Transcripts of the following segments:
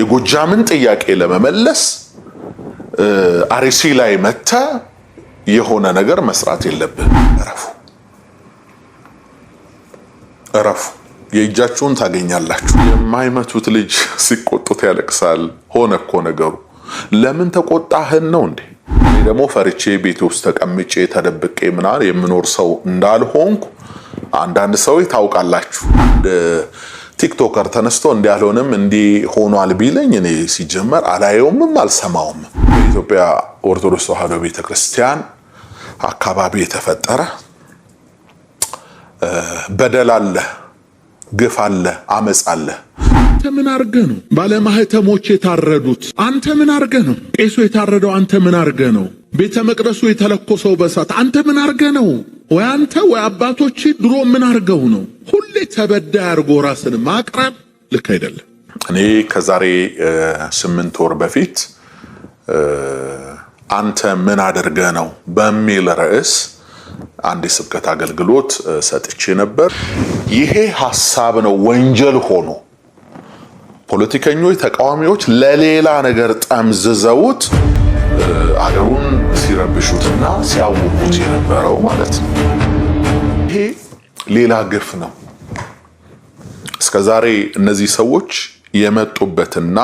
የጎጃምን ጥያቄ ለመመለስ አርሲ ላይ መተ የሆነ ነገር መስራት የለብህ። እረፉ እረፉ፣ የእጃችሁን ታገኛላችሁ። የማይመቱት ልጅ ሲቆጡት ያለቅሳል። ሆነ እኮ ነገሩ። ለምን ተቆጣህን ነው እንዴ? እኔ ደግሞ ፈርቼ ቤቴ ውስጥ ተቀምጬ ተደብቄ ምናምን የምኖር ሰው እንዳልሆንኩ አንዳንድ ሰዎች ታውቃላችሁ ቲክቶከር ተነስቶ እንዲያልሆንም እንዲህ ሆኗል ቢለኝ እኔ ሲጀመር አላየውምም አልሰማውም። በኢትዮጵያ ኦርቶዶክስ ተዋሕዶ ቤተክርስቲያን አካባቢ የተፈጠረ በደል አለ፣ ግፍ አለ፣ አመፅ አለ። አንተ ምን አርገ ነው ባለማህተሞች የታረዱት? አንተ ምን አርገ ነው ቄሱ የታረደው? አንተ ምን አርገ ነው ቤተ መቅደሱ የተለኮሰው በሳት? አንተ ምን አርገ ነው ወይ አንተ ወይ አባቶች ድሮ ምን አድርገው ነው ሁሌ ተበዳ አድርጎ ራስን ማቅረብ ልክ አይደለም። እኔ ከዛሬ ስምንት ወር በፊት አንተ ምን አድርገ ነው በሚል ርዕስ አንድ የስብከት አገልግሎት ሰጥቼ ነበር። ይሄ ሀሳብ ነው ወንጀል ሆኖ ፖለቲከኞች፣ ተቃዋሚዎች ለሌላ ነገር ጠምዝዘውት አገሩን ሲረብሹትና ሲያውቁት የነበረው ማለት ነው። ይሄ ሌላ ግፍ ነው። እስከዛሬ እነዚህ ሰዎች የመጡበትና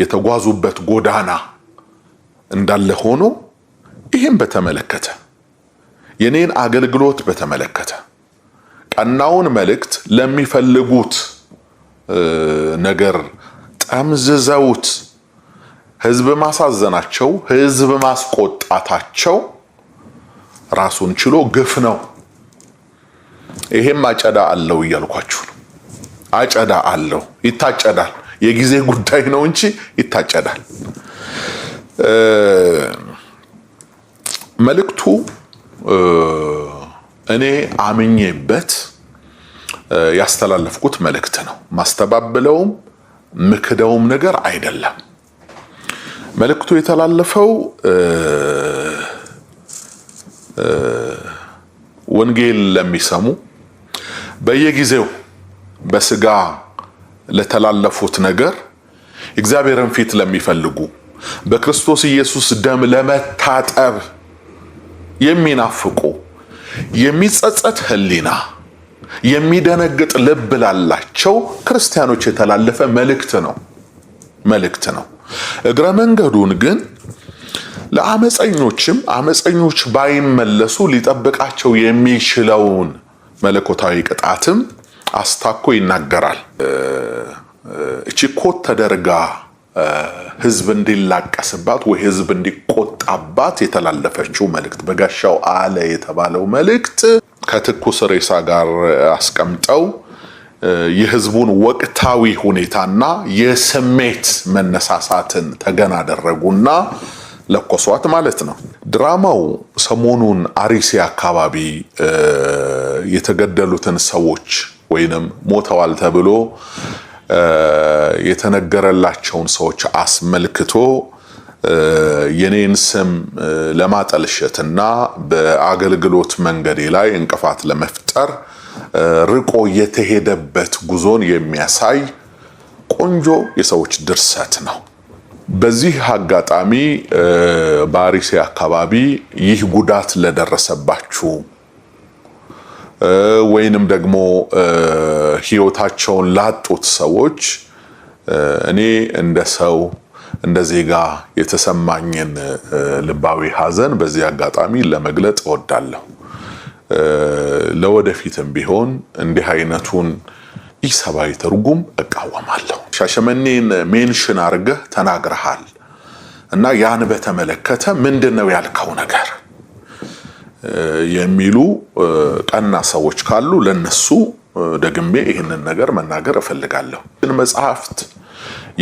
የተጓዙበት ጎዳና እንዳለ ሆኖ ይህም በተመለከተ የኔን አገልግሎት በተመለከተ ቀናውን መልእክት ለሚፈልጉት ነገር ጠምዝዘውት ህዝብ ማሳዘናቸው፣ ህዝብ ማስቆጣታቸው ራሱን ችሎ ግፍ ነው። ይሄም አጨዳ አለው እያልኳችሁ ነው። አጨዳ አለው፣ ይታጨዳል። የጊዜ ጉዳይ ነው እንጂ ይታጨዳል። መልእክቱ እኔ አምኜበት ያስተላለፍኩት መልእክት ነው። ማስተባብለውም ምክደውም ነገር አይደለም። መልእክቱ የተላለፈው ወንጌል ለሚሰሙ በየጊዜው በስጋ ለተላለፉት ነገር እግዚአብሔርን ፊት ለሚፈልጉ በክርስቶስ ኢየሱስ ደም ለመታጠብ የሚናፍቁ የሚጸጸት ህሊና የሚደነግጥ ልብ ላላቸው ክርስቲያኖች የተላለፈ መልእክት ነው መልእክት ነው። እግረ መንገዱን ግን ለአመፀኞችም አመፀኞች ባይመለሱ ሊጠብቃቸው የሚችለውን መለኮታዊ ቅጣትም አስታኮ ይናገራል። እቺ ኮት ተደርጋ ህዝብ እንዲላቀስባት ወይ ህዝብ እንዲቆጣባት የተላለፈችው መልእክት በጋሻው አለ የተባለው መልእክት ከትኩስ ሬሳ ጋር አስቀምጠው የህዝቡን ወቅታዊ ሁኔታና የስሜት መነሳሳትን ተገና አደረጉና ለኮሷት ማለት ነው። ድራማው ሰሞኑን አሪሴ አካባቢ የተገደሉትን ሰዎች ወይንም ሞተዋል ተብሎ የተነገረላቸውን ሰዎች አስመልክቶ የኔን ስም ለማጠልሸትና በአገልግሎት መንገዴ ላይ እንቅፋት ለመፍጠር ርቆ የተሄደበት ጉዞን የሚያሳይ ቆንጆ የሰዎች ድርሰት ነው። በዚህ አጋጣሚ በአርሲ አካባቢ ይህ ጉዳት ለደረሰባችሁ ወይንም ደግሞ ሕይወታቸውን ላጡት ሰዎች እኔ እንደ ሰው እንደ ዜጋ የተሰማኝን ልባዊ ሐዘን በዚህ አጋጣሚ ለመግለጥ እወዳለሁ። ለወደፊትም ቢሆን እንዲህ አይነቱን ኢሰብአዊ ትርጉም እቃወማለሁ። ሻሸመኔን ሜንሽን አድርገህ ተናግረሃል እና ያን በተመለከተ ምንድን ነው ያልከው ነገር የሚሉ ቀና ሰዎች ካሉ ለነሱ ደግሜ ይህንን ነገር መናገር እፈልጋለሁ። መጽሐፍት፣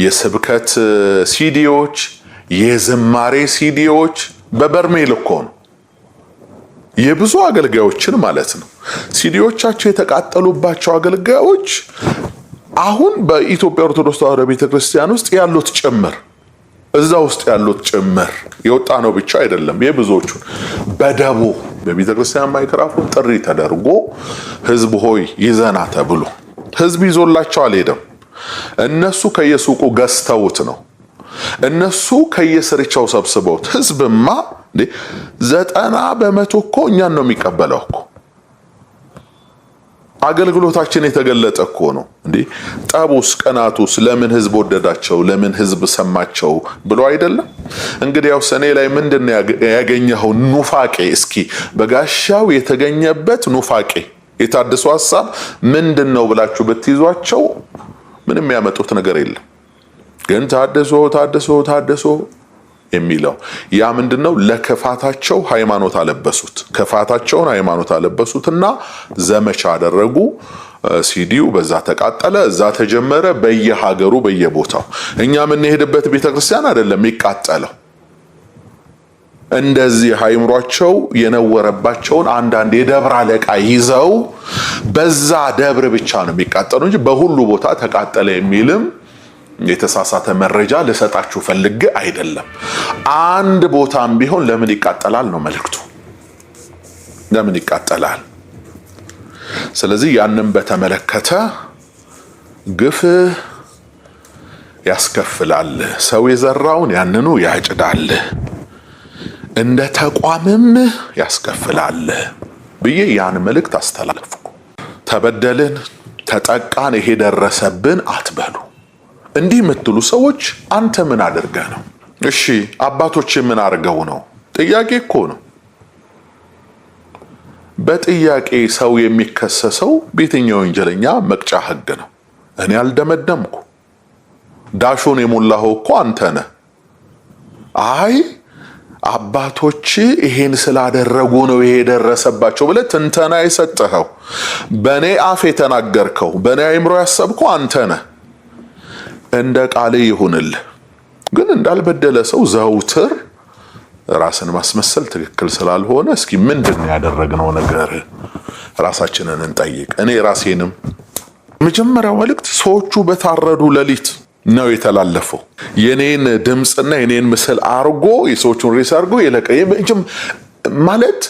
የስብከት ሲዲዎች፣ የዝማሬ ሲዲዎች በበርሜል እኮ ነው የብዙ አገልጋዮችን ማለት ነው። ሲዲዎቻቸው የተቃጠሉባቸው አገልጋዮች አሁን በኢትዮጵያ ኦርቶዶክስ ተዋሕዶ ቤተክርስቲያን ውስጥ ያሉት ጭምር እዛ ውስጥ ያሉት ጭምር የወጣ ነው ብቻ አይደለም። የብዙዎቹን በደቦ በቤተክርስቲያን ማይክራፎን ጥሪ ተደርጎ ህዝብ ሆይ ይዘና ተብሎ ህዝብ ይዞላቸው አልሄደም። እነሱ ከየሱቁ ገዝተውት ነው እነሱ ከየስርቻው ሰብስበውት ህዝብማ ዘጠና በመቶ እኮ እኛን ነው የሚቀበለው እኮ አገልግሎታችን የተገለጠ እኮ ነው እንዴ። ጠቡስ ቀናቱስ ለምን ህዝብ ወደዳቸው ለምን ህዝብ ሰማቸው ብሎ አይደለም። እንግዲያውስ ሰኔ ላይ ምንድን ያገኘኸው ኑፋቄ? እስኪ በጋሻው የተገኘበት ኑፋቄ የታደሰው ሀሳብ ምንድን ነው ብላችሁ ብትይዟቸው ምንም ያመጡት ነገር የለም። ግን ታደሶ ታድሶ ታድሶ የሚለው ያ ምንድን ነው? ለክፋታቸው ሃይማኖት አለበሱት። ክፋታቸውን ሃይማኖት አለበሱትና ዘመቻ አደረጉ። ሲዲው በዛ ተቃጠለ፣ እዛ ተጀመረ። በየሀገሩ በየቦታው እኛ የምንሄድበት ቤተክርስቲያን አይደለም ይቃጠለው። እንደዚህ አይምሯቸው የነወረባቸውን አንዳንድ የደብር አለቃ ይዘው በዛ ደብር ብቻ ነው የሚቃጠሉ እንጂ በሁሉ ቦታ ተቃጠለ የሚልም የተሳሳተ መረጃ ልሰጣችሁ ፈልግ አይደለም። አንድ ቦታም ቢሆን ለምን ይቃጠላል ነው መልእክቱ። ለምን ይቃጠላል? ስለዚህ ያንን በተመለከተ ግፍ ያስከፍላል። ሰው የዘራውን ያንኑ ያጭዳል፣ እንደ ተቋምም ያስከፍላል ብዬ ያን መልእክት አስተላለፍኩ። ተበደልን፣ ተጠቃን፣ ይሄ ደረሰብን አትበሉ። እንዲህ የምትሉ ሰዎች አንተ ምን አድርገህ ነው? እሺ አባቶች ምን አድርገው ነው? ጥያቄ እኮ ነው። በጥያቄ ሰው የሚከሰሰው በየትኛው ወንጀለኛ መቅጫ ህግ ነው? እኔ አልደመደምኩ። ዳሾን የሞላኸው እኮ አንተ ነህ። አይ አባቶች ይሄን ስላደረጉ ነው ይሄ የደረሰባቸው ብለህ ትንተና የሰጠኸው፣ በእኔ አፍ የተናገርከው፣ በእኔ አይምሮ ያሰብከው አንተ ነህ። እንደ ቃል ይሁንል። ግን እንዳልበደለ ሰው ዘውትር ራስን ማስመሰል ትክክል ስላልሆነ እስኪ ምንድን ያደረግነው ነገር ራሳችንን እንጠይቅ። እኔ ራሴንም መጀመሪያው መልእክት ሰዎቹ በታረዱ ሌሊት ነው የተላለፈው። የኔን ድምፅና የኔን ምስል አርጎ የሰዎቹን ሬስ አርጎ የለቀ ማለት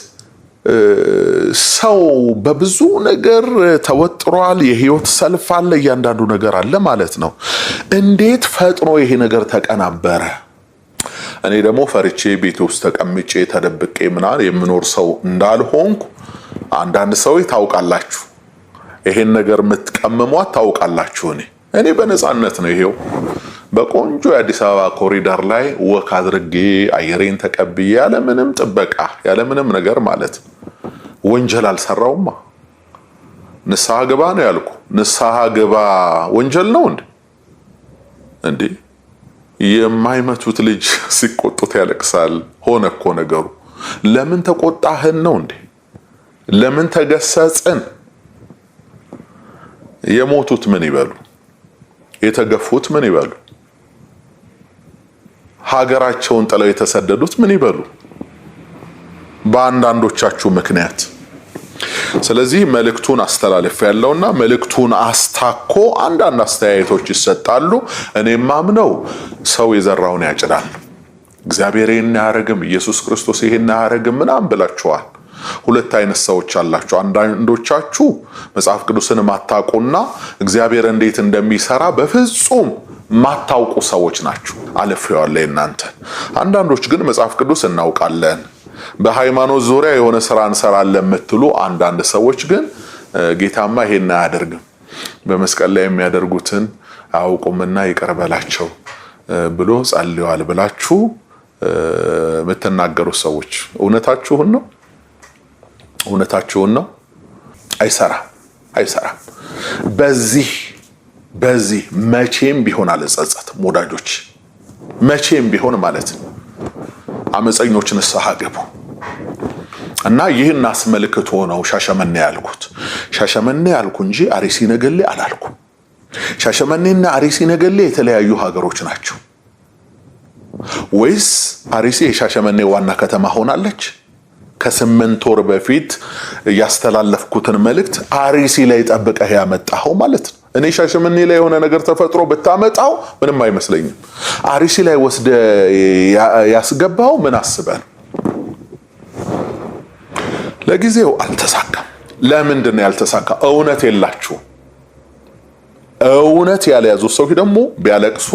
ሰው በብዙ ነገር ተወጥሯል። የህይወት ሰልፍ አለ፣ እያንዳንዱ ነገር አለ ማለት ነው። እንዴት ፈጥኖ ይሄ ነገር ተቀናበረ? እኔ ደግሞ ፈርቼ ቤት ውስጥ ተቀምጬ ተደብቄ ምናምን የምኖር ሰው እንዳልሆንኩ አንዳንድ ሰው ታውቃላችሁ፣ ይሄን ነገር የምትቀምሟት ታውቃላችሁ። እኔ እኔ በነፃነት ነው ይሄው በቆንጆ የአዲስ አበባ ኮሪደር ላይ ወክ አድርጌ አየሬን ተቀብዬ ያለምንም ጥበቃ ያለምንም ነገር ማለት ወንጀል አልሰራውማ። ንስሐ ግባ ነው ያልኩ። ንስሐ ግባ ወንጀል ነው እንዴ? እንዴ የማይመቱት ልጅ ሲቆጡት ያለቅሳል። ሆነ እኮ ነገሩ። ለምን ተቆጣህን ነው እንዴ? ለምን ተገሰጽን? የሞቱት ምን ይበሉ? የተገፉት ምን ይበሉ? ሀገራቸውን ጥለው የተሰደዱት ምን ይበሉ በአንዳንዶቻችሁ ምክንያት። ስለዚህ መልእክቱን አስተላልፍ ያለውና መልእክቱን አስታኮ አንዳንድ አስተያየቶች ይሰጣሉ። እኔም ማምነው ሰው የዘራውን ያጭዳል። እግዚአብሔር ይህን አያረግም፣ ኢየሱስ ክርስቶስ ይህን አያረግም ምናምን ብላችኋል። ሁለት አይነት ሰዎች አላችሁ። አንዳንዶቻችሁ መጽሐፍ ቅዱስን ማታቁና እግዚአብሔር እንዴት እንደሚሰራ በፍጹም ማታውቁ ሰዎች ናችሁ። አልፌዋለሁ እናንተ አንዳንዶች ግን መጽሐፍ ቅዱስ እናውቃለን፣ በሃይማኖት ዙሪያ የሆነ ስራ እንሰራለን የምትሉ አንዳንድ ሰዎች ግን ጌታማ ይሄን አያደርግም፣ በመስቀል ላይ የሚያደርጉትን አያውቁምና ይቅር በላቸው ብሎ ጸልዋል ብላችሁ የምትናገሩት ሰዎች እውነታችሁን ነው እውነታችሁን ነው። አይሰራም አይሰራም። በዚህ በዚህ መቼም ቢሆን አልጸጸትም። ወዳጆች መቼም ቢሆን ማለት ነው። አመፀኞች ንስሐ ገቡ እና ይህን አስመልክቶ ነው ሻሸመኔ ያልኩት። ሻሸመኔ ያልኩ እንጂ አርሲ ነገሌ አላልኩ ሻሸመኔና አርሲ ነገሌ የተለያዩ ሀገሮች ናቸው ወይስ አርሲ የሻሸመኔ ዋና ከተማ ሆናለች? ከስምንት ወር በፊት ያስተላለፍኩትን መልእክት አርሲ ላይ ጠብቀህ ያመጣኸው ማለት ነው። እኔ ሻሸመኔ ላይ የሆነ ነገር ተፈጥሮ ብታመጣው ምንም አይመስለኝም። አርሲ ላይ ወስደ ያስገባው ምን አስበህ ነው? ለጊዜው አልተሳካም። ለምንድን ነው ያልተሳካ? እውነት የላችሁ። እውነት ያልያዙ ሰዎች ደግሞ ቢያለቅሱ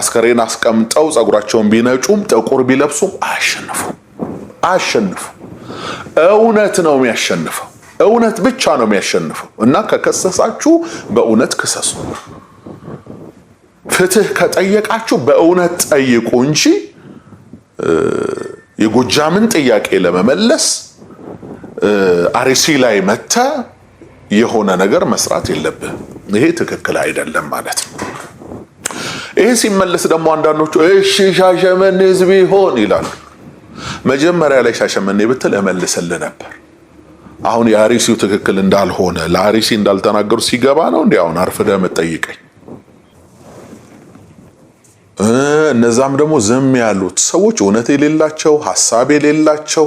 አስከሬን አስቀምጠው ጸጉራቸውን ቢነጩም ጥቁር ቢለብሱም አያሸንፉም። አሸንፉ እውነት ነው የሚያሸንፈው። እውነት ብቻ ነው የሚያሸንፈው። እና ከከሰሳችሁ በእውነት ክሰሱ። ፍትህ ከጠየቃችሁ በእውነት ጠይቁ እንጂ የጎጃምን ጥያቄ ለመመለስ አርሲ ላይ መተ የሆነ ነገር መስራት የለብህ። ይሄ ትክክል አይደለም ማለት ነው። ይሄ ሲመለስ ደግሞ አንዳንዶቹ እሺ ሻሸመኔ ህዝብ ይሆን ይላሉ። መጀመሪያ ላይ ሻሸመኔ ብትል እመልስልህ ነበር። አሁን የአሪሲው ትክክል እንዳልሆነ ለአሪሲ እንዳልተናገሩ ሲገባ ነው እንዲ አሁን አርፍደህ መጠይቀኝ። እነዛም ደግሞ ዝም ያሉት ሰዎች እውነት የሌላቸው ሀሳብ የሌላቸው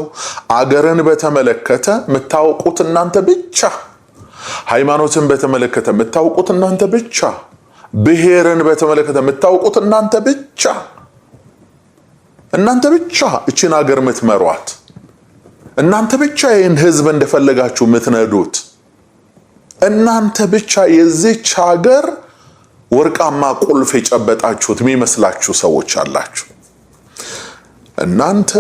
አገርን በተመለከተ የምታውቁት እናንተ ብቻ፣ ሃይማኖትን በተመለከተ የምታውቁት እናንተ ብቻ፣ ብሔርን በተመለከተ የምታውቁት እናንተ ብቻ እናንተ ብቻ እችን ሀገር ምትመሯት፣ እናንተ ብቻ ይህን ህዝብ እንደፈለጋችሁ ምትነዱት፣ እናንተ ብቻ የዚች ሀገር ወርቃማ ቁልፍ የጨበጣችሁት የሚመስላችሁ ሰዎች አላችሁ። እናንተ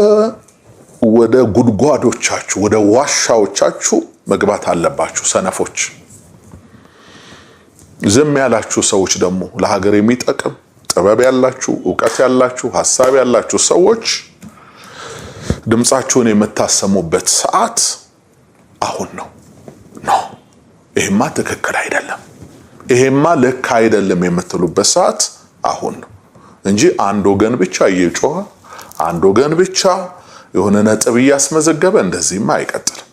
ወደ ጉድጓዶቻችሁ ወደ ዋሻዎቻችሁ መግባት አለባችሁ ሰነፎች። ዝም ያላችሁ ሰዎች ደግሞ ለሀገር የሚጠቅም ጥበብ ያላችሁ፣ እውቀት ያላችሁ፣ ሀሳብ ያላችሁ ሰዎች ድምፃችሁን የምታሰሙበት ሰዓት አሁን ነው። ኖ ይሄማ ትክክል አይደለም፣ ይሄማ ልክ አይደለም የምትሉበት ሰዓት አሁን ነው እንጂ አንድ ወገን ብቻ እየጮኸ አንድ ወገን ብቻ የሆነ ነጥብ እያስመዘገበ እንደዚህማ አይቀጥልም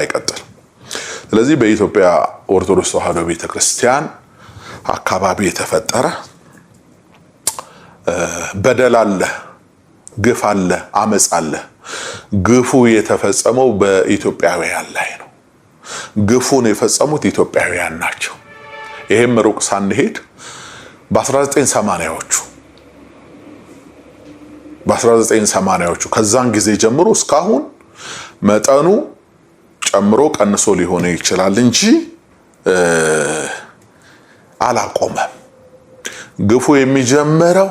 አይቀጥልም። ስለዚህ በኢትዮጵያ ኦርቶዶክስ ተዋሕዶ ቤተክርስቲያን አካባቢ የተፈጠረ በደል አለ፣ ግፍ አለ፣ አመፅ አለ። ግፉ የተፈጸመው በኢትዮጵያውያን ላይ ነው። ግፉን የፈጸሙት ኢትዮጵያውያን ናቸው። ይሄም ሩቅ ሳንሄድ በ1980ዎቹ በ1980ዎቹ ከዛን ጊዜ ጀምሮ እስካሁን መጠኑ ጨምሮ ቀንሶ ሊሆን ይችላል እንጂ አላቆመም። ግፉ የሚጀምረው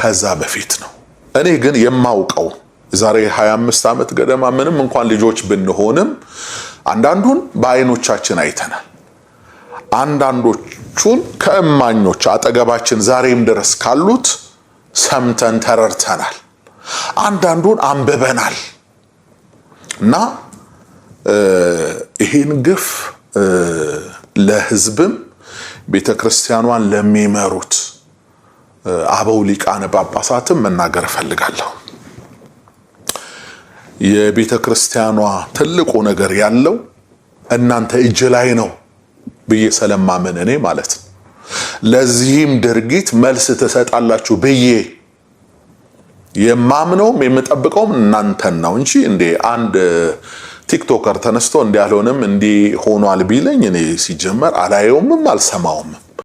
ከዛ በፊት ነው። እኔ ግን የማውቀው ዛሬ 25 ዓመት ገደማ ምንም እንኳን ልጆች ብንሆንም አንዳንዱን በአይኖቻችን አይተናል። አንዳንዶቹን ከእማኞች አጠገባችን ዛሬም ድረስ ካሉት ሰምተን ተረድተናል። አንዳንዱን አንብበናል እና ይህን ግፍ ለህዝብም ቤተ ክርስቲያኗን ለሚመሩት አበው ሊቃነ ጳጳሳትም መናገር እፈልጋለሁ። የቤተ ክርስቲያኗ ትልቁ ነገር ያለው እናንተ እጅ ላይ ነው ብዬ ስለማምን እኔ ማለት ነው። ለዚህም ድርጊት መልስ ትሰጣላችሁ ብዬ የማምነውም የምጠብቀውም እናንተን ነው እንጂ እንዴ አንድ ቲክቶከር ተነስቶ እንዲህ አልሆንም እንዲህ ሆኗል ቢለኝ እኔ ሲጀመር አላየውምም አልሰማውም።